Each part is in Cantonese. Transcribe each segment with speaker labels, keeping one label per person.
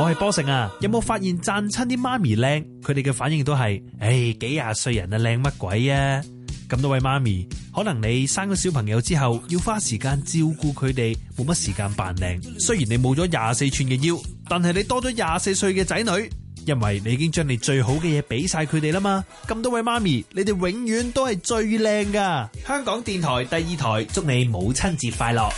Speaker 1: 我係波成啊，有冇發現讚親啲媽咪靚？佢哋嘅反應都係，誒、哎，幾廿歲人啊，靚乜鬼啊？咁多位媽咪，可能你生咗小朋友之後，要花時間照顧佢哋，冇乜時間扮靚。雖然你冇咗廿四吋嘅腰，但係你多咗廿四歲嘅仔女，因為你已經將你最好嘅嘢俾晒佢哋啦嘛。咁多位媽咪，你哋永遠都係最靚㗎！香港電台第二台，祝你母親節快樂。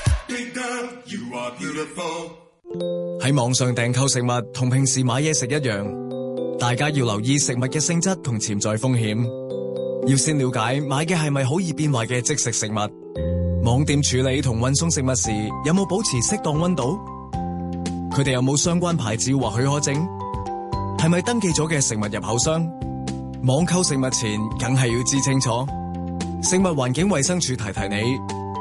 Speaker 1: 喺網上訂購食物同平時買嘢食一樣，大家要留意食物嘅性質同潛在風險，要先了解買嘅係咪好易變壞嘅即食食物。網店處理同運送食物時有冇保持適當溫度？佢哋有冇相關牌照或許可證？係咪登記咗嘅食物入口商？網購食物前，梗係要知清楚。食物環境衛生署提提你，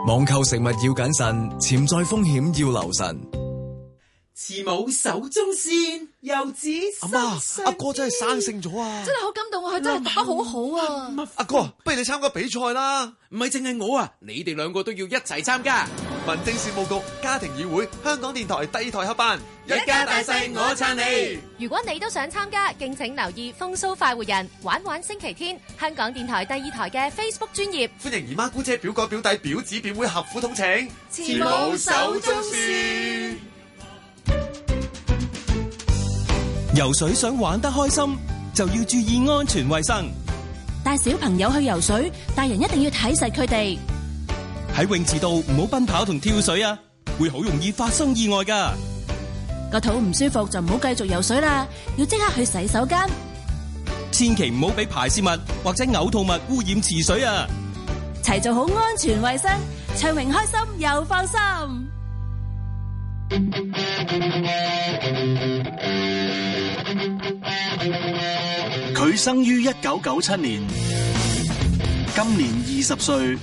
Speaker 1: 網購食物要謹慎，潛在風險要留神。
Speaker 2: 慈母手中線，遊子阿媽，阿哥，哥真係生性咗啊！媽媽真係好感動，佢
Speaker 3: 真係打得好好啊！
Speaker 2: 阿哥，不如你參加比賽啦！唔係淨係我啊，你哋兩
Speaker 1: 個都要一齊參加。民政事務局家庭議會，香港電台第二台合辦，一家大細我撐你。
Speaker 3: 如果你都想參加，敬請留意《風騷快活人》，玩玩星期天，香港電台第二台嘅 Facebook 專頁。歡迎姨媽姑姐表哥表弟表姐表妹合府統請。慈母手中線。
Speaker 2: 游水想玩得開心，就要注意安全衛生。
Speaker 4: 帶小朋友去游水，大人一定要睇實佢哋。
Speaker 2: 喺泳池度唔好奔跑同跳水啊，會好容易發生意外㗎。
Speaker 4: 個肚唔舒服就唔好繼續游水啦，要即刻去洗手間。
Speaker 3: 千祈唔好俾排泄物或者嘔吐物污染池水啊！
Speaker 4: 齊做好安全衛生，暢泳開心又放心。.
Speaker 1: 佢生於一九九七年，今年二十歲。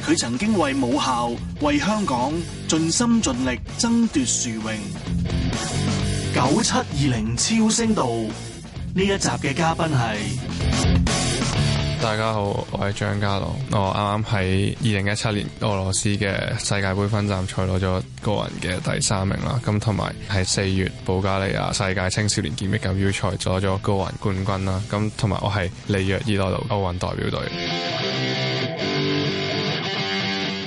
Speaker 1: 佢曾經為母校、為香港盡心盡力爭奪殊榮。九七二零超聲道：「呢一集嘅嘉賓係。
Speaker 5: 大家好，我係張家朗，我啱啱喺二零一七年俄羅斯嘅世界杯分站賽攞咗個人嘅第三名啦，咁同埋喺四月保加利亞世界青少年劍擊錦標賽攞咗個人冠軍啦，咁同埋我係里約熱內盧奧運代表隊。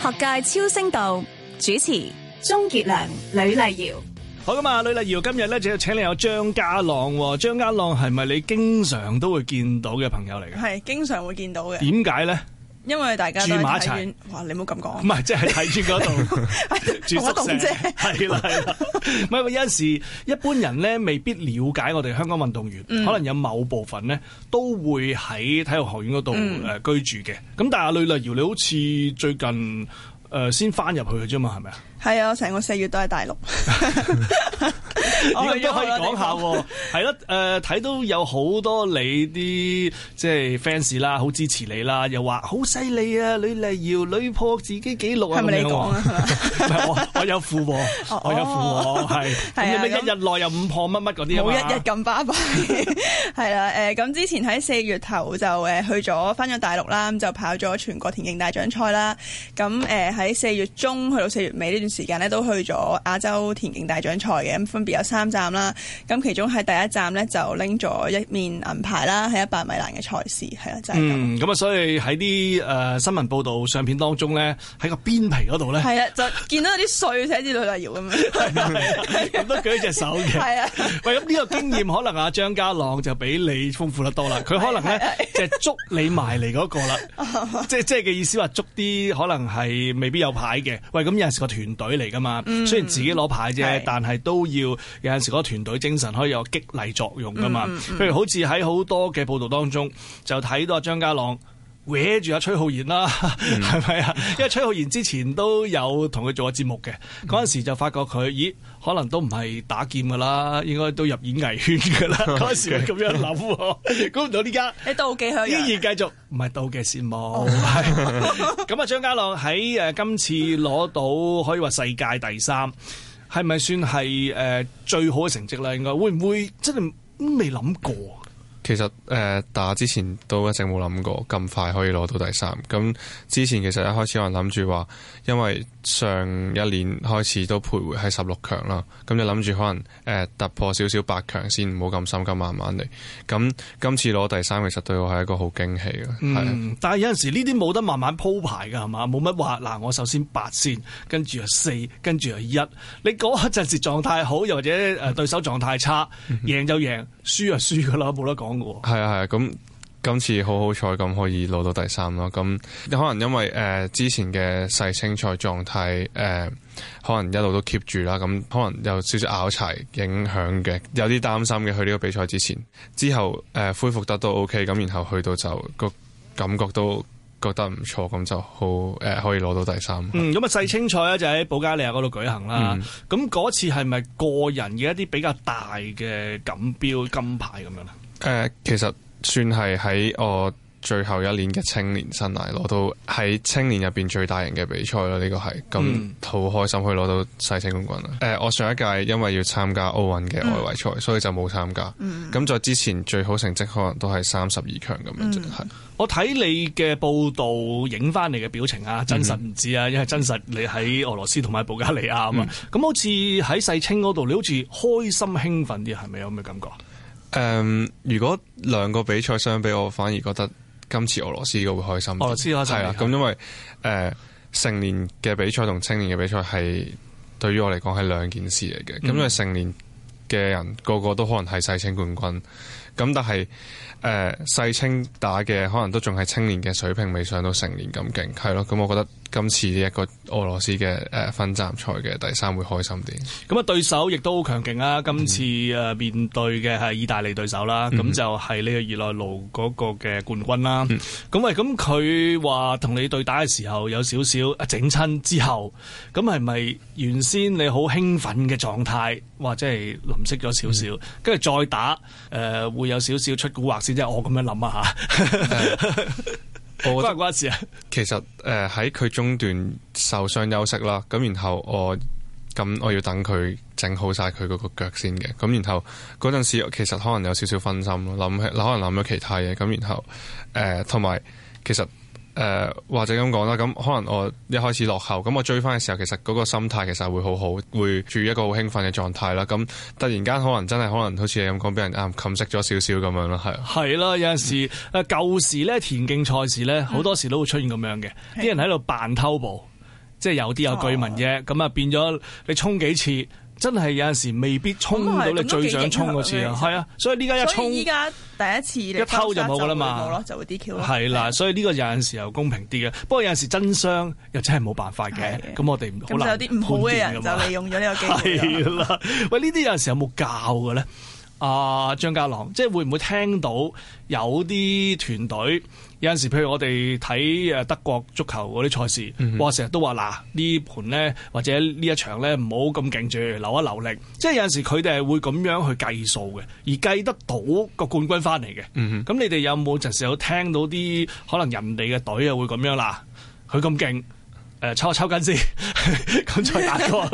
Speaker 4: 學界超聲道，主持鍾傑良、呂麗瑤。
Speaker 1: 好咁啊，呂麗瑤今日咧，就請你有張家朗。哦，張家朗係咪你經常都會見到嘅朋友嚟嘅？係
Speaker 4: 經常會見到嘅。點解咧？因為大家都住馬場。哇，你唔好咁講。唔
Speaker 1: 係，即係喺體院嗰度
Speaker 4: 住宿舍。係啦
Speaker 2: 係
Speaker 1: 啦。唔係， 有陣時一般人咧，未必了解我哋香港運動員，嗯、可能有某部分咧，都會喺體育學院嗰度，誒居住嘅。咁、嗯、但係阿呂麗瑤，你好似最近誒、呃、先翻入去嘅啫嘛，係咪啊？
Speaker 4: 係啊，成個四月都喺大陸。
Speaker 1: 我哋都可以講下喎。係咯，誒睇到有好多你啲即係 fans 啦，好支持你啦，又話好犀利啊！你呂麗瑤屢破自己紀
Speaker 4: 錄啊！係咪你講啊說
Speaker 1: 我我有富喎，我有富喎，係係啊！一日內又五破乜乜嗰啲啊！冇一日
Speaker 4: 咁巴閉，係、呃、啦。誒咁之前喺四月頭就誒去咗返咗大陸啦，咁就跑咗全國田徑大獎賽啦。咁誒喺四月中去到四月尾呢段時間咧都去咗亞洲田徑大獎賽嘅，咁分別有三站啦。咁其中喺第一站咧就拎咗一面銀牌啦，係一百米欄嘅賽事，係啊，就係咁。
Speaker 1: 嗯，咁啊，所以喺啲誒新聞報道相片當中咧，喺個邊皮嗰度咧，係啊，
Speaker 4: 就見到有啲碎寫住呂麗瑤咁樣，
Speaker 1: 咁都舉一隻手嘅。係啊，喂，咁呢個經驗可能阿張家朗就比你豐富得多啦。佢可能咧就捉你埋嚟嗰個啦，即係即係嘅意思話捉啲可能係未必有牌嘅。喂，咁有陣時個團隊嚟噶嘛，嗯、雖然自己攞牌啫，是但係都要有陣時個團隊精神可以有激勵作用噶嘛。嗯嗯嗯、譬如好似喺好多嘅報道當中，就睇到阿張家朗。搵住阿崔浩然啦，啊，係咪、嗯、啊？因為崔浩然之前都有同佢做過節目嘅，嗰陣、嗯、時就發覺佢，咦，可能都唔係打劍噶啦，應該都入演藝圈噶啦，嗰陣、嗯、時咁樣諗、啊，估唔 到呢家。你妒忌佢，依然繼續唔係妒忌羨慕。咁啊，張家朗喺誒今次攞到可以話世界第三，係咪算係誒最好嘅成績量噶？應該會唔會真係未諗過
Speaker 5: 其實誒、呃、打之前都一直冇諗過咁快可以攞到第三，咁之前其實一開始我諗住話，因為上一年開始都徘徊喺十六強啦，咁就諗住可能誒、呃、突破少少八強先，唔好咁心急，慢慢嚟。咁今次攞第三，其實對我係一個好驚喜嘅。嗯，
Speaker 1: 係。但係有陣時呢啲冇得慢慢鋪排噶，係嘛，冇乜話嗱，我首先八先，跟住啊四，跟住啊一，你嗰刻陣時狀態好，又或者誒對手狀態差，贏就贏，輸啊輸噶啦，冇得講。
Speaker 5: 係啊，係啊，咁今次好好彩，咁可以攞到第三咯。咁可能因為誒、呃、之前嘅世青賽狀態誒，可能一路都 keep 住啦。咁可能有少少拗柴影響嘅，有啲擔心嘅。去呢個比賽之前之後誒、呃，恢復得都 ok 咁，然後去到就個感覺都覺得唔錯，咁就好誒、呃，可以攞到第三。嗯，
Speaker 1: 咁啊，世青賽咧就喺保加利亞嗰度舉行啦。咁嗰、嗯、次係咪個人嘅一啲比較大嘅錦標金牌咁樣咧？
Speaker 5: 誒，uh, 其實算係喺我最後一年嘅青年生涯攞到喺青年入邊最大型嘅比賽啦，呢、這個係咁好開心可以攞到世青冠軍啦。誒、uh，我上一屆因為要參加奧運嘅外圍賽，mm. 所以就冇參加。咁在、mm. 之前最好成績可能都係三十二強咁樣啫。係、mm. 就是、我睇你嘅報道，影翻你嘅表情啊，真實唔知啊，mm hmm. 因為
Speaker 1: 真實你喺俄羅斯同埋保加利亞啊。咁、mm hmm. 嗯、好似喺世青嗰度，你好似開心興奮啲，係咪有咁嘅感覺？
Speaker 5: 誒，um, 如果兩個比賽相比我，我反而覺得今次俄羅斯嘅會開心。哦，知啦就係啦，咁的因為誒的、呃、成年嘅比賽同青年嘅比賽係對於我嚟講係兩件事嚟嘅。咁、嗯、因為成年嘅人個個都可能係世青冠軍，咁但係誒、呃、世青打嘅可能都仲係青年嘅水平，未上到成年咁勁，係咯。咁、嗯嗯、我覺得。今次一個俄羅斯嘅誒分站賽嘅第三會開心啲。
Speaker 1: 咁啊，對手亦都好強勁啊！嗯、今次誒面對嘅係意大利對手啦，咁、嗯、就係呢個熱內盧嗰個嘅冠軍啦。咁、嗯、喂，咁佢話同你對打嘅時候有少少啊整親，之後，咁係咪原先你好興奮嘅狀態，或者係淋熄咗少少，跟住、嗯、再打誒、呃、會有少少出古惑先？即係我咁樣諗啊嚇。 嗯我關唔關事啊？
Speaker 5: 其實誒，喺佢中段受傷休息啦，咁然後我咁我要等佢整好晒佢嗰個腳先嘅。咁然後嗰陣時，其實可能有少少分心咯，諗可能諗咗其他嘢。咁然後誒，呃，同埋其實。誒、呃、或者咁講啦，咁可能我一開始落後，咁我追翻嘅時候，其實嗰個心態其實會好好，會處於一個好興奮嘅狀態啦。咁突然間可能真係可能好似你咁講，俾人暗冚蝕咗少少咁樣咯，係、啊。係啦，有陣時誒、呃、
Speaker 1: 舊時咧田徑賽事咧，好多時都會出現咁樣嘅，啲人喺度扮偷步，即係有啲有據文啫，咁啊、哦、變咗你衝幾次。真係有陣時未必衝到你最想衝嗰次啊，係啊，所以呢家一衝，依家
Speaker 4: 第一次一偷就冇㗎啦嘛，就會 DQ，係
Speaker 1: 啦，啊啊、所以呢個有陣時又公平啲嘅，不過有陣時真傷又真係冇辦法嘅，咁、啊、我哋好咁有啲唔好嘅人就利用
Speaker 4: 咗呢個機會。係啦、
Speaker 1: 啊，喂，呢啲有陣時有冇教嘅咧？啊，uh, 張家朗，即係會唔會聽到有啲團隊有陣時，譬如我哋睇誒德國足球嗰啲賽事，我成日都話嗱，呢盤咧或者呢一場咧唔好咁勁住，留一留力。即係有陣時佢哋係會咁樣去計數嘅，而計得到個冠軍翻嚟嘅。咁、mm hmm. 你哋有冇就時有聽到啲可能人哋嘅隊啊會咁樣啦？佢咁勁。誒，抽下抽
Speaker 5: 筋先，咁再打過。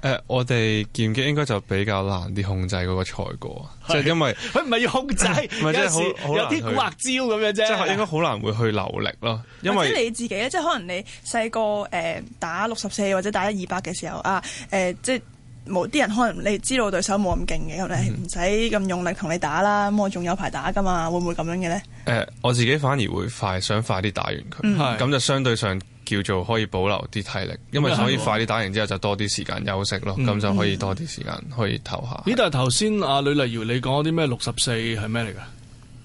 Speaker 5: 誒，我哋劍擊應該就比較難啲控制嗰個賽果，即係因
Speaker 1: 為佢唔係要控制，有時有啲古惑招咁樣啫，應
Speaker 5: 該好難會去留力咯。因為你
Speaker 4: 自己咧，即係可能你細個誒打六十四或者打二百嘅時候啊，誒，即係冇啲人可能你知道對手冇咁勁嘅，咁你唔使咁用力同你打啦，咁我仲有排打噶嘛，會唔會咁樣嘅咧？
Speaker 5: 誒，我自己反而會快，想快啲打完佢，咁就相對上。叫做可以保留啲體力，因為可以快啲打完之後就多啲時間休息咯，咁、嗯、就可以多啲時間可以唞下。咦、嗯？但係頭先阿呂麗瑤，你講啲咩？六十四係咩嚟噶？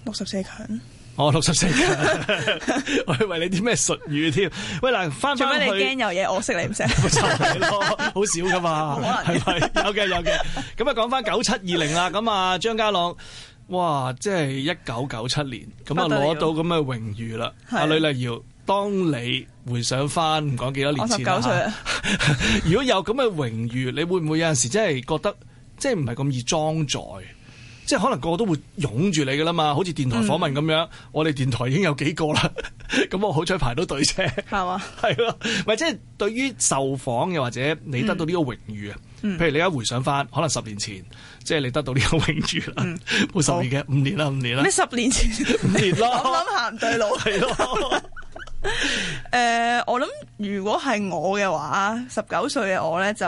Speaker 4: 六十四強，
Speaker 5: 哦，
Speaker 1: 六十四強， 我以為你啲咩術語添。喂，嗱，翻返去你驚
Speaker 4: 有嘢？我識你唔識？就係
Speaker 1: 好少噶嘛，係咪？有嘅有嘅。咁、嗯、啊，講翻九七二零啦。咁啊，張家朗，哇，即係一九九七年，咁啊攞到咁嘅榮譽啦。阿了、啊、呂麗瑤，當你。回想翻，唔講幾多年前啦。如果有咁嘅榮譽，你會唔會有陣時真係覺得即係唔係咁易裝載？即係可能個個都會擁住你噶啦嘛，好似電台訪問咁樣。我哋電台已經有幾個啦，咁我好彩排到隊啫。係嘛？係咯，咪，即係對於受訪又或者你得到呢個榮譽啊？譬如你一回想翻，可能十年前即係你得到呢個榮譽啦，冇十年嘅五年啦，五年啦。你十
Speaker 4: 年前？五年咯。我諗行唔對路，係咯。誒、 呃，我諗如果係我嘅話，十九歲嘅我呢，就，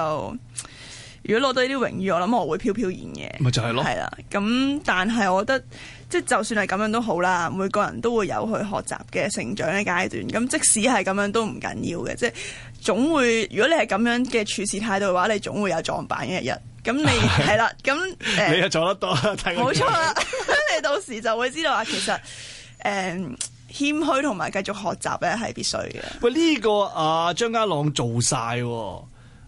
Speaker 4: 如果攞到呢啲榮譽，我諗我會飄飄然嘅。咪就係咯，係啦、嗯。咁但係我覺得，即係就算係咁樣都好啦，每個人都會有去學習嘅、成長嘅階段。咁即使係咁樣都唔緊要嘅，即係總會。如果你係咁樣嘅處事態度嘅話，你總會有撞板嘅一日。咁你係啦，咁、 嗯、 你又
Speaker 1: 撞得多，冇錯
Speaker 4: 啦。你到時就會知道話，其實誒。嗯謙虛同埋繼續學習咧係必須嘅。
Speaker 1: 喂，呢、呢個阿張、啊、家朗做晒，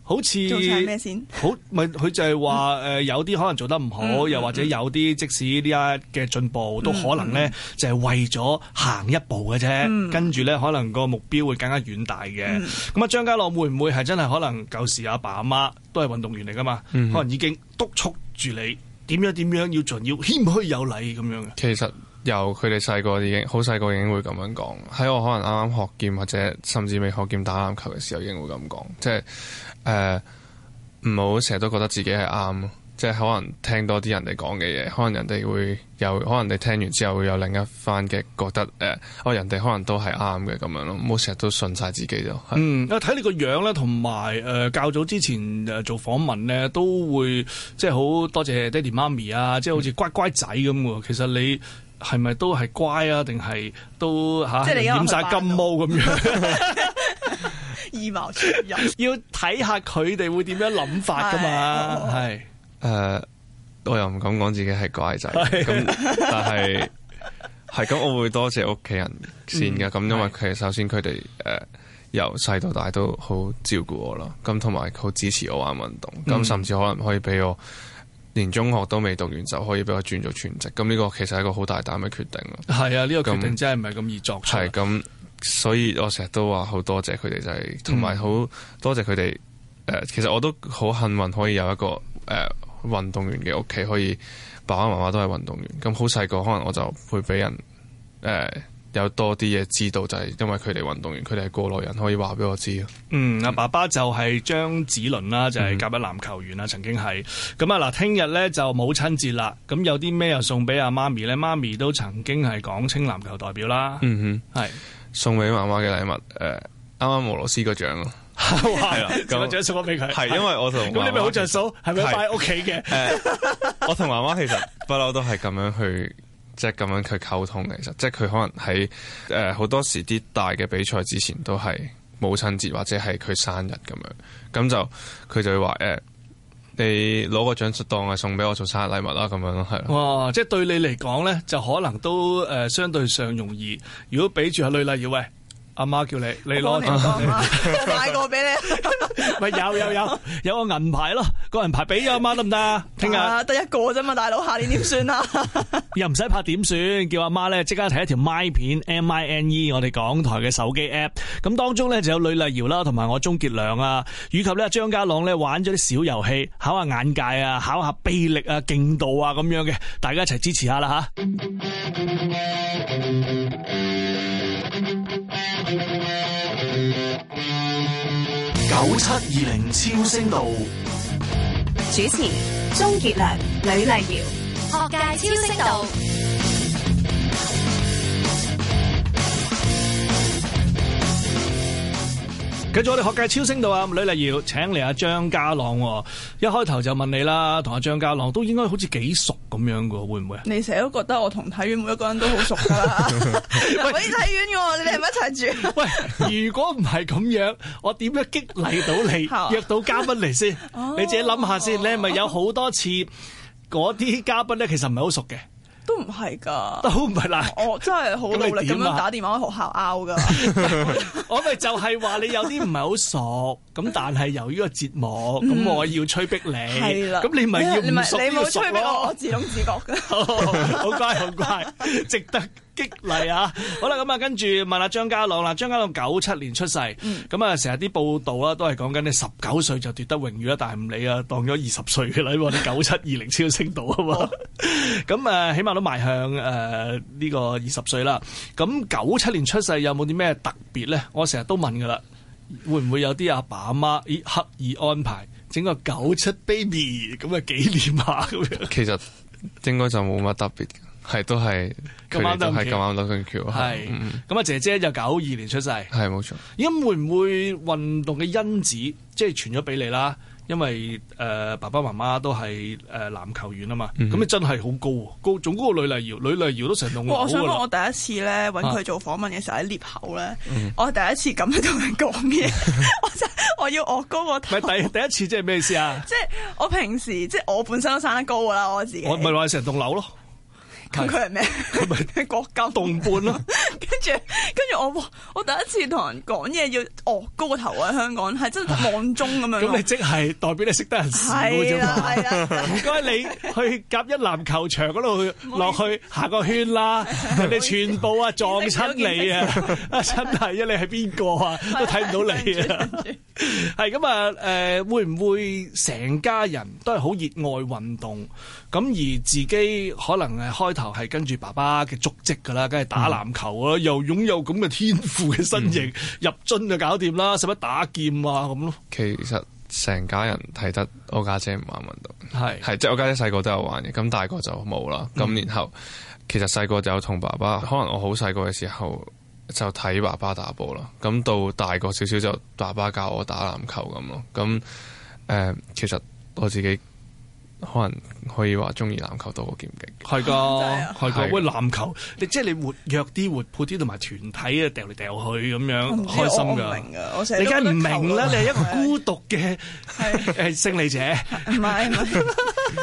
Speaker 1: 好似做晒咩先？好，咪佢就係話誒，有啲可能做得唔好，嗯、又或者有啲、嗯、即使呢一嘅進步，都可能咧、嗯、就係為咗行一步嘅啫。跟住咧，可能個目標會更加遠大嘅。咁啊、嗯，張家朗會唔會係真係可能舊時阿爸阿媽都係運動員嚟噶嘛？嗯、哼可能已經督促住你點樣點樣，樣要盡要謙虛有禮咁樣嘅。
Speaker 5: 其實。由佢哋細個已經好細個已經會咁樣講，喺我可能啱啱學劍或者甚至未學劍打籃球嘅時候已經會咁講，即係誒唔好成日都覺得自己係啱，即係可能聽多啲人哋講嘅嘢，可能人哋會有可能你聽完之後會有另一番嘅覺得，誒、呃、哦人哋可能都係啱嘅咁樣咯，唔好成日都信晒自己就係。嗯，睇你個樣
Speaker 1: 咧，同埋誒較早之前誒、呃、做訪問咧，都會即係好多謝爹哋媽咪啊，即係好似乖、嗯、乖仔咁喎。其實你。係咪都係乖啊？定係都吓、啊、染晒金毛咁樣？
Speaker 4: 二毛
Speaker 1: 全入， 要睇下佢哋會點樣諗法噶嘛？係誒、
Speaker 5: 哎哦呃，我又唔敢講自己係乖仔咁是，但係係咁， 我會多謝屋企人先噶。咁、嗯、因為其實首先佢哋誒由細到大都好照顧我咯，咁同埋好支持我玩運動，咁甚至可能可以俾我。嗯連中學都未讀完就可以俾我轉做全職，咁呢個其實係一個好大膽嘅決定咯。
Speaker 1: 係啊，呢、呢個決定那真
Speaker 5: 係唔係咁易作出。係咁，所以我成日都話好多謝佢哋，就係同埋好多謝佢哋。誒、嗯呃，其實我都好幸運，可以有一個誒、呃、運動員嘅屋企，可以爸爸媽媽都係運動員。咁好細個，可能我就會俾人誒。呃有多啲嘢知道，就係因為佢哋運動員，佢哋係過來人，可以話俾我知咯。嗯，阿爸
Speaker 1: 爸就係張子倫啦，就係夾一籃球員啊，曾經係。咁啊嗱，聽日咧就母親節啦，咁有啲咩又送俾阿媽咪咧？媽咪都曾經係港青籃球代表
Speaker 5: 啦。嗯哼，係送俾媽媽嘅禮物，誒啱啱俄羅斯個獎咯，係啦，
Speaker 1: 個獎送咗俾佢，係因為我同咁你咪好着數，係咪擺屋企嘅？
Speaker 5: 我同媽媽其實不嬲都係咁樣去。即係咁樣去溝通，其實即係佢可能喺誒好多時啲大嘅比賽之前都係母親節或者係佢生日咁樣，咁就佢就會話誒、呃，你攞個獎當係送俾我做生日禮物啦咁樣咯，係
Speaker 1: 啦。哇！即係對你嚟講咧，就可能都誒、呃、相對上容易。如果俾住係呂麗瑤喂。阿媽叫你，你攞住，買個俾你。咪 有有有，有個銀牌咯，個銀牌俾阿媽得唔得啊？聽日
Speaker 4: 得一個啫嘛，大佬，下年點算啊？
Speaker 1: 又唔使拍點算，叫阿媽咧即刻睇一條 My 片 M I N E，我哋港台嘅手機 app。咁當中咧就有呂麗瑤啦，同埋我鍾傑良啊，以及咧張家朗咧玩咗啲小遊戲，考下眼界下啊，考下臂力啊，勁度啊咁樣嘅，大家一齊支持下啦吓。 九七二零超聲道，
Speaker 3: 主持鍾傑良、
Speaker 4: 呂麗瑤，
Speaker 2: 學界超聲道。
Speaker 1: 繼續我哋學界超聲道啊，呂麗瑤請嚟阿張家朗，哦、一開頭就問你啦，同阿張家朗都應該好似幾熟咁樣噶，會唔會啊？
Speaker 4: 你成日都覺得我同體院每一個人都好熟噶啦，我依體院 你係咪一齊住？
Speaker 1: 喂， 如果唔係咁樣，我點樣激勵到你 約到嘉賓嚟先？ 你自己諗下先， 你係咪有好多次嗰啲嘉賓咧，其實唔係好熟嘅？
Speaker 4: 都唔係噶，都唔係啦。我真係好努力咁樣打電話去學校拗噶。
Speaker 1: 我咪就係話你有啲唔係好熟，咁但係由於個節目咁、嗯、我要催逼你。係啦的，咁你咪要唔熟啲你熟咯。我自動自
Speaker 4: 覺嘅， 好乖好乖，寥寥值
Speaker 1: 得。激勵啊！ 好啦，咁啊，跟住問下張家朗啦。張家朗九七年出世，咁啊、嗯，成日啲報道啦，都係講緊你十九歲就奪得榮譽啦，但係唔理啊，當咗二十歲嘅啦，你九七二零超星度啊嘛，咁啊、哦嗯嗯，起碼都邁向誒呢、呃這個二十歲啦。咁九七年出世有冇啲咩特別咧？我成日都問噶啦，會唔會有啲阿爸阿媽刻意安排整個九七 baby 咁嘅紀念下咁樣？
Speaker 5: 其實應該就冇乜特別。係都係咁啱得咁啱得咁巧，係
Speaker 1: 咁啊！姐姐就九二年出世，係冇錯。咁會唔會運動嘅因子即係傳咗俾你啦？因為誒爸爸媽媽都係誒籃球員啊嘛，咁你真係好高啊！高，仲高過呂麗瑤，呂麗瑤都成棟樓。我想我
Speaker 4: 第一次咧搵佢做訪問嘅時候喺裂口咧，我第一次咁樣同佢講嘢，我
Speaker 1: 真我要我高個頭。唔係第第一次，即係咩意思啊？
Speaker 4: 即係我平時即係我本身都生得高噶啦，我自己。我唔係話
Speaker 1: 成棟樓咯。佢係咩？佢係國教同
Speaker 4: 伴咯，跟住跟住我，我第一次同人講嘢要昂高個頭啊！香港係真係望中咁樣。咁你即
Speaker 1: 係代表你識得人士嘅啫嘛？唔
Speaker 4: 該你去
Speaker 1: 夾一籃球場嗰度去落去行個圈啦，人哋全部啊撞親你啊！啊真係啊，你係邊個啊？都睇唔到你啊！係咁啊？誒，會唔會成家人都係好熱愛運動？咁而自己可能係開頭係跟住爸爸嘅足跡噶啦，梗係打籃球啊，嗯、又擁有咁嘅天賦嘅身形，嗯、入樽就搞掂啦，使乜打劍啊咁咯？
Speaker 5: 其實成家人睇得我家姐唔玩運動，係係即係我家姐細個都有玩嘅，咁大個就冇啦。咁然後、嗯、其實細個就有同爸爸，可能我好細個嘅時候就睇爸爸打波啦，咁到大個少少就爸爸教我打籃球咁咯。咁誒、呃，其實我自己。可能可以話中意籃球多過劍擊，係㗎，係㗎。喂，籃
Speaker 1: 球你即係你活躍啲、活潑啲，同埋團體啊，掉嚟掉去咁樣，嗯、開心㗎。哎、我明我都我你梗係唔明啦，你係一個孤獨嘅係誒勝利者。
Speaker 4: 唔係唔係，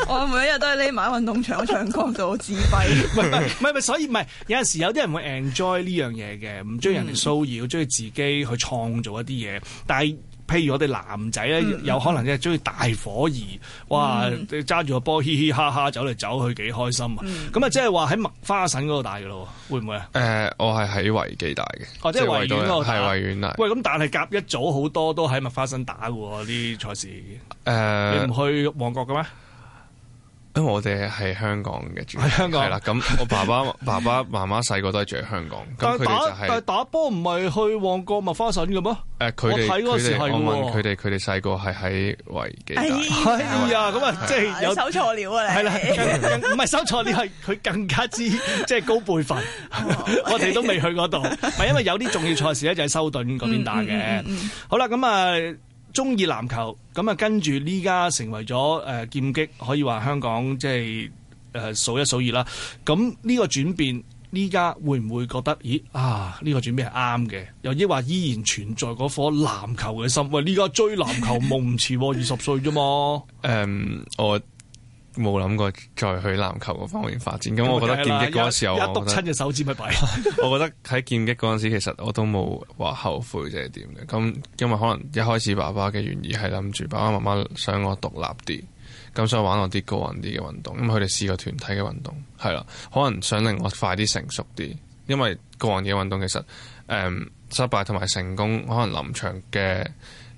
Speaker 4: 我每一日都喺匿埋喺運動場唱歌，做我自閉。
Speaker 1: 唔係唔係，所以唔係有陣時有啲人會 enjoy 呢樣嘢嘅，唔中意人哋騷擾，中意、嗯、自己去創造一啲嘢，但係。譬如我哋男仔咧，嗯、有可能咧中意大火兒，哇！揸住個波嘻嘻哈哈走嚟走去，幾開心啊！咁啊，即係話喺麥花臣嗰度打嘅咯，會唔會
Speaker 5: 啊？誒，我係喺維基打嘅，哦，即係維園嗰度打，係維園啊！喂，
Speaker 1: 咁但係夾一組好多都喺麥花臣打嘅喎，啲賽事，
Speaker 5: 誒、呃，你唔
Speaker 1: 去旺角嘅咩？
Speaker 5: 因為我哋係香港嘅住，係香港啦。咁我爸爸、爸爸、媽媽細個都係住喺香港。但係打，但係
Speaker 1: 打波唔係去旺角麥花臣嘅麼？
Speaker 5: 誒，佢哋佢哋我問佢哋，佢哋細個係喺維基。係啊，咁啊，即係有
Speaker 4: 收錯
Speaker 1: 料啊！你係啦，唔係收錯料係佢更加之即係高輩分。我哋都未去嗰度，係因為有啲重要賽事咧就喺修頓嗰邊打嘅。好啦，咁啊。中意籃球，咁啊跟住呢家成為咗誒、呃、劍擊，可以話香港即係誒、呃、數一數二啦。咁呢個轉變，呢家會唔會覺得，咦啊，呢、呢個轉變係啱嘅，又抑或依然存在嗰顆籃球嘅心？喂，呢家
Speaker 5: 追籃球夢唔遲二十歲啫嘛。誒，我。冇諗過再去籃球嗰方面發展，咁、嗯、我覺得劍擊嗰陣時候，我、嗯、我覺得喺劍擊嗰陣時，其實我都冇話後悔即係點嘅。咁因為可能一開始爸爸嘅原意係諗住爸爸媽媽想我獨立啲，咁想我玩我啲個人啲嘅運動，咁佢哋試過團體嘅運動係啦，可能想令我快啲成熟啲，因為個人嘅運動其實誒、嗯、失敗同埋成功，可能臨場嘅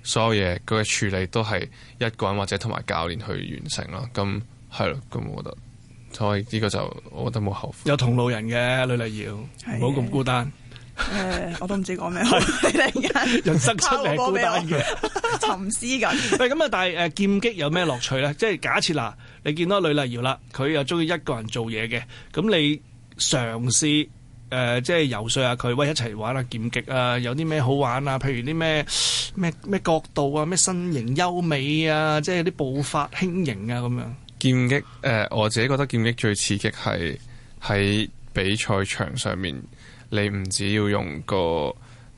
Speaker 5: 所有嘢佢嘅處理都係一個人或者同埋教練去完成咯，咁。係咯，咁我覺得，所以呢個就我覺得冇後悔。有同路人嘅呂麗瑤，唔好咁的孤單。
Speaker 4: 誒、呃，我都唔知講咩嚟嘅。人生出名孤單嘅， 沉思咁
Speaker 1: 著。喂， 咁啊的，但係誒，劍擊有咩樂趣咧？即係假設啦，你見到呂麗瑤啦，佢又中意一個人做嘢嘅，咁你嘗試誒，即係游說下佢，喂，一齊玩下劍擊啊？有啲咩好玩啊？譬如啲咩咩咩角度啊，咩身形優美啊，即係啲步伐輕盈啊，咁樣。
Speaker 5: 劍擊誒、呃，我自己覺得劍擊最刺激係喺比賽場上面，你唔止要用個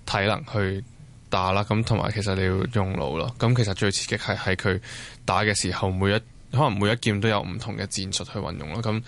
Speaker 5: 體能去打啦，咁同埋其實你要用腦咯。咁其實最刺激係喺佢打嘅時候，每一可能每一劍都有唔同嘅戰術去運用咯。咁。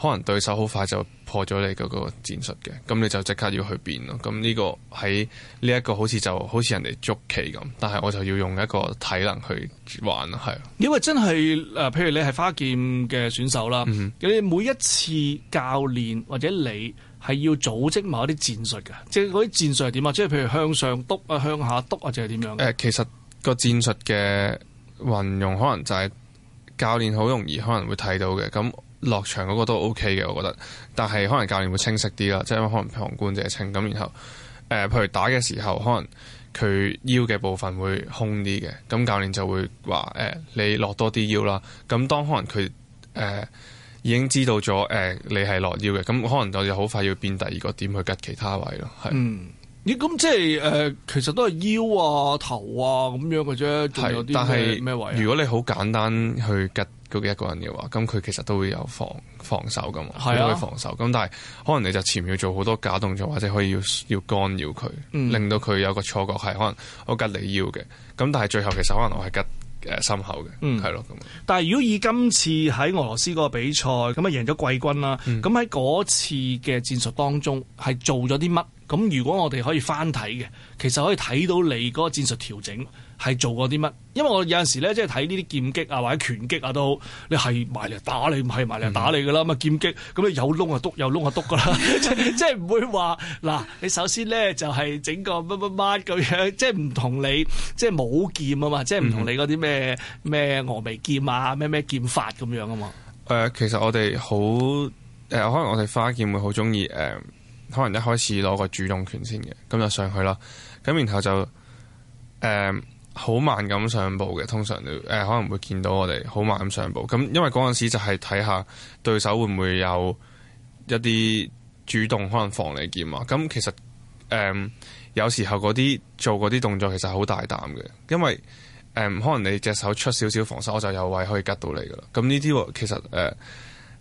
Speaker 5: 可能對手好快就破咗你嗰個戰術嘅，咁你就即刻要去變咯。咁呢、這個喺呢一個好似就好似人哋捉棋咁，但係我就要用一個體能去玩咯，係。
Speaker 1: 因為真係誒、呃，譬如你係花劍嘅選手啦，嗯、哼你每一次教練或者你係要組織某一啲戰術嘅，即係嗰啲戰術係點啊？即係譬如向上篤啊，向下篤啊，定係點樣？誒、
Speaker 5: 呃，其實個戰術嘅運用可能就係教練好容易可能會睇到嘅，咁。落場嗰個都 OK 嘅，我覺得。但係可能教練會清晰啲啦，即係可能旁觀者清。咁然後，誒、呃，譬如打嘅時候，可能佢腰嘅部分會空啲嘅，咁教練就會話誒、呃、你落多啲腰啦。咁當可能佢誒、呃、已經知道咗誒、呃、你係落腰嘅，咁可能就又好快要變第二個點去吉其他位咯。係。嗯。
Speaker 1: 咦？咁即係誒，其實都係腰啊、頭啊咁樣嘅
Speaker 5: 啫。係。但係，如果你好簡單去吉嗰幾一個人嘅話，咁佢其實都會有防防守㗎嘛，都、啊、可以防守。咁但係可能你就前面要做好多假動作，或者可以要要干擾佢，嗯、令到佢有個錯覺係可能我吉你腰嘅。咁但係最後其實可能我係吉誒心口嘅，嗯，係咯咁。但係如果以今次喺俄羅斯嗰個
Speaker 1: 比賽咁啊贏咗季軍啦，咁喺嗰次嘅戰術當中係做咗啲乜？咁如果我哋可以翻睇嘅，其實可以睇到你嗰個戰術調整係做過啲乜？因為我有陣時咧，即係睇呢啲劍擊啊或者拳擊啊都，你係埋嚟打你，唔係埋嚟打你噶、嗯、哼啦。咁啊劍擊，咁你有窿就篤，有窿就篤噶啦， 即係唔會話嗱，你首先咧就係、是、整個乜乜乜咁樣，樣，即係唔同你即係舞劍啊嘛，即係唔同你嗰啲咩咩峨眉劍啊咩咩劍法咁樣啊嘛。
Speaker 5: 誒、呃，其實我哋好誒，可能我哋花劍會好中意誒。呃可能一開始攞個主動權先嘅，咁就上去啦。咁然後就誒好、嗯、慢咁上步嘅，通常誒、嗯、可能會見到我哋好慢咁上步。咁、嗯、因為嗰陣時就係睇下對手會唔會有一啲主動，可能防你劍嘛、啊。咁、嗯、其實誒、嗯、有時候嗰啲做嗰啲動作其實好大膽嘅，因為誒、嗯、可能你隻手出少少防守，我就有位可以吉到你噶啦。咁呢啲其實誒、嗯、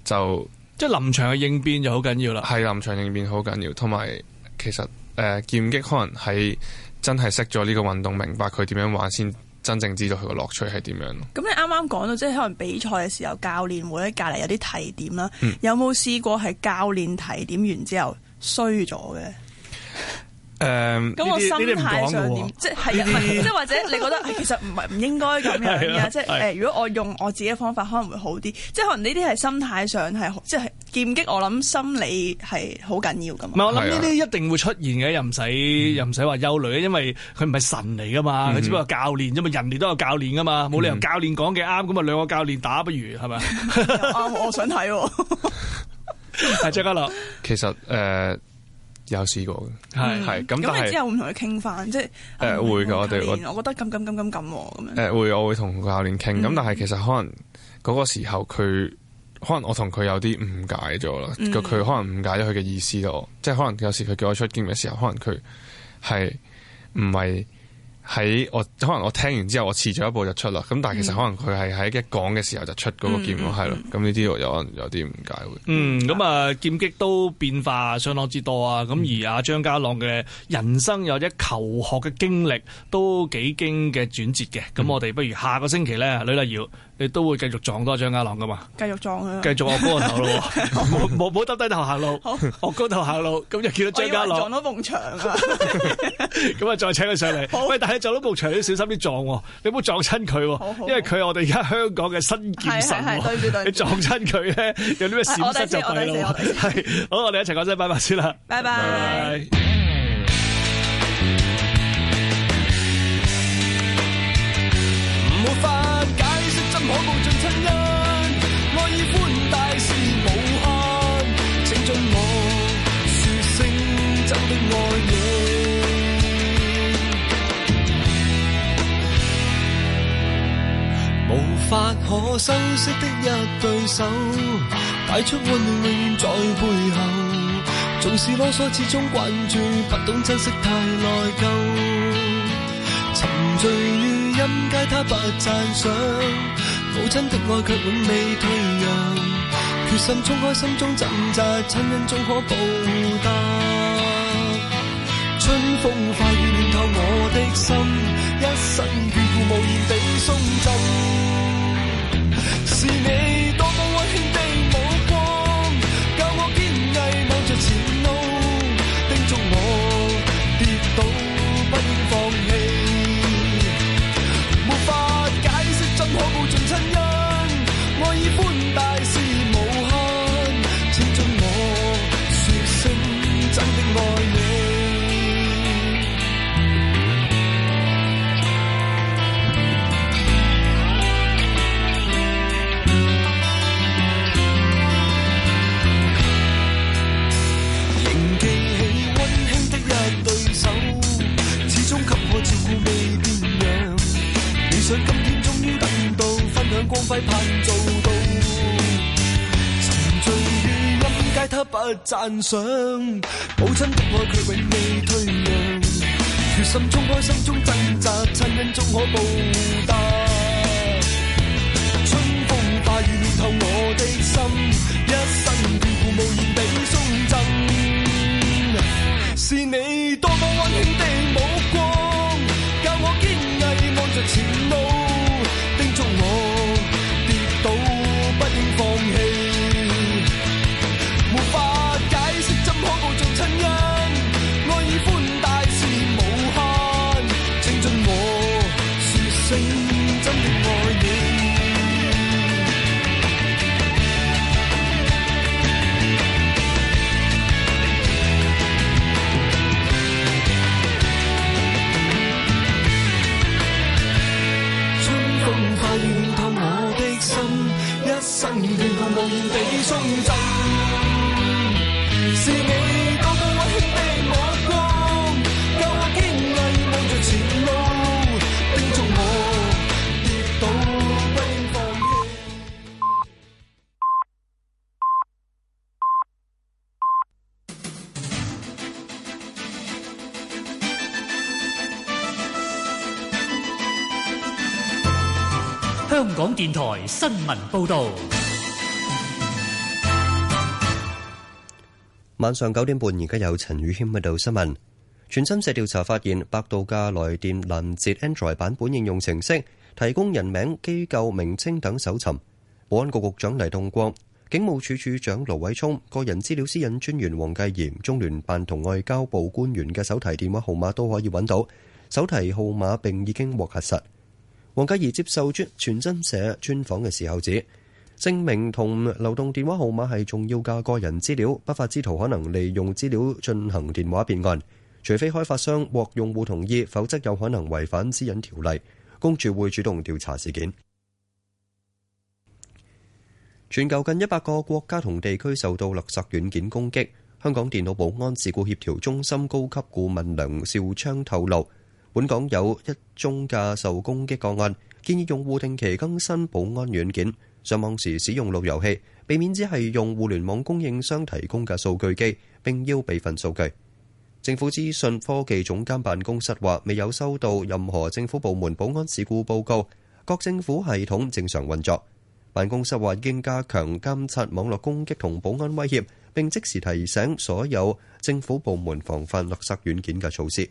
Speaker 5: 就。即係臨場嘅應變就好緊要啦，係臨場應變好緊要，同埋其實誒、呃、劍擊可能係真係識咗呢個運動，明白佢點樣玩先真正知道佢個樂趣係點樣咯。
Speaker 4: 咁你啱啱講到即係可能比賽嘅時候，教練會喺隔離有啲提點啦，嗯、有冇試過係教練提點完之後衰咗嘅？
Speaker 5: 誒，咁我心態上點？即係啊，即係或
Speaker 4: 者你覺得其實唔係唔應該咁樣嘅？即係誒，如果我用我自己嘅方法可能會好啲。即係可能呢啲係心態上係，即係劍擊我諗心理係好緊要噶。唔係我諗呢啲一
Speaker 1: 定會出現嘅，又唔使又唔使話憂慮，因為佢唔係神嚟噶嘛，佢只不過教練啫嘛，人哋都有教練噶嘛，冇理由教練講嘅啱，咁啊兩個教練打不如係咪？
Speaker 4: 我想睇。
Speaker 5: 係張家朗，其實誒。有試過嘅，係係咁。咁你、嗯、之後
Speaker 4: 會唔同佢傾翻？呃、即
Speaker 5: 係誒嘅。我哋我我
Speaker 4: 覺得咁咁咁咁咁喎，咁
Speaker 5: 我樣、呃、會，我會同教練傾。咁、嗯、但係其實可能嗰個時候佢，可能我同佢有啲誤解咗啦。佢、嗯、可能誤解咗佢嘅意思咯。嗯、即係可能有時佢叫我出劍嘅時候，可能佢係唔係？喺我可能我聽完之後，我遲咗一步就出啦。咁但係其實可能佢係喺一講嘅時候就出嗰個劍咯，係咯、嗯。咁呢啲又可能有啲誤解嘅。嗯，咁啊劍
Speaker 1: 擊都變化相當之多啊。咁、嗯、而阿、啊、張家朗嘅人生或一求學嘅經歷都幾經嘅轉折嘅。咁我哋不如下個星期咧，呂麗瑤，你都會繼續撞多張家朗噶嘛？
Speaker 4: 繼續撞佢，繼續我高頭
Speaker 1: 咯，冇冇冇得低頭行路，我高頭行路，咁就見到張家朗撞到埲牆咁啊，再請佢上嚟。喂，但係撞到埲牆你要小心啲撞，你唔好撞親佢，因為佢係我哋而家香港嘅新劍神。你撞親佢咧，有啲咩閃失就弊啦。係，好，我哋一齊講聲拜拜先啦。拜拜。冇
Speaker 2: 法。可報盡親恩，愛意寬大是無限。請準我說聲真的愛你。 無法可修飾的一對手，帶出溫暖永遠在背後。總是囉嗦，始終關注，不懂珍惜太內疚。沉醉於音階，她不讚賞。母親的愛卻永未退讓，決心衝開心中掙扎，親恩總可報答。春風化雨暖透我的心，一生眷顧無言地送贈，是你。讚賞母親的愛，卻永未退讓。決心衝開心中掙扎，親恩終可報答。春風化雨暖透我的心，一生眷顧無言地送贈。是你多麼温馨的。
Speaker 3: 新聞報道。晚上九點半，而家有陳宇謙報道新聞。全新社調查發現，百度嘅來電攔截 Android 版本應用程式提供人名、機構名稱等搜尋。保安局局長黎棟國、警務處處長盧偉聰、個人資料私隱專員黃繼賢、中聯辦同外交部官員嘅手提電話號碼都可以搵到，手提號碼並已經獲核實。王嘉儀接受專傳真社專訪嘅時候指，姓名同流動電話號碼係重要嘅個人資料，不法之徒可能利用資料進行電話騙案，除非開發商獲用戶同意，否則有可能違反私隱條例。公署會主動調查事件。全球近一百個國家同地區受到勒索軟件攻擊，香港電腦保安事故協調中心高級顧問梁少昌透露，本港有一宗架受攻擊個案，建議用戶定期更新保安軟件，上網時使用路由器，避免只係用互聯網供應商提供嘅數據機。並要備份數據。政府資訊科技總監辦公室話：未有收到任何政府部門保安事故報告，各政府系統正常運作。辦公室話應加強監察網絡攻擊同保安威脅，並即時提醒所有政府部門防範勒索軟件嘅措施。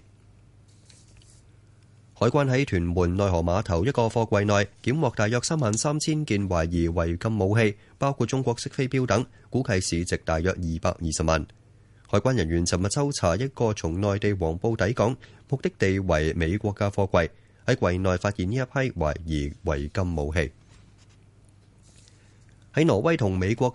Speaker 3: 海關喺屯門內河碼頭一個貨櫃內檢獲大約三萬三千件懷疑違禁武器，包括中國式飛鏢等，估計市值大約二百二十萬。海關人員尋日搜查一個從內地黃埔抵港、目的地為美國嘅貨櫃，喺櫃內發現呢一批懷疑違禁武器，喺挪威同美國。